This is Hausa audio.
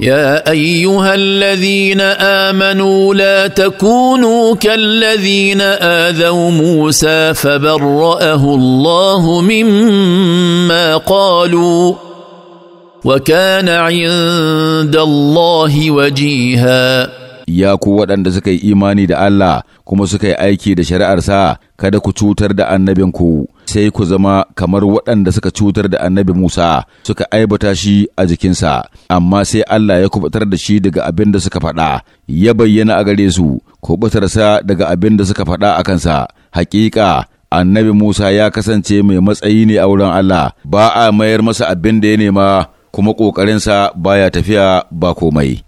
يا ايها الذين امنوا لا تكونوا كالذين اذوا موسى فبراه الله مما قالوا وكان عند الله وجيهاً ya ku waɗanda suka yi imani da Allah kuma suka yi aiki da shari'arsa kada ku cutar da annabinku sai ku zama kamar waɗanda suka cutar da annabi Musa suka aibata shi a jikinsa amma sai Allah ya kubutar da shi daga abin da suka faɗa ya bayyana a gare su kubutarsa daga abin da suka faɗa a kansa hakika annabi Musa ya kasance mai matsayi ne a wurin Allah ba a mayar masa abin da ya nema kuma ƙoƙarinsa baya tafiya ba komai.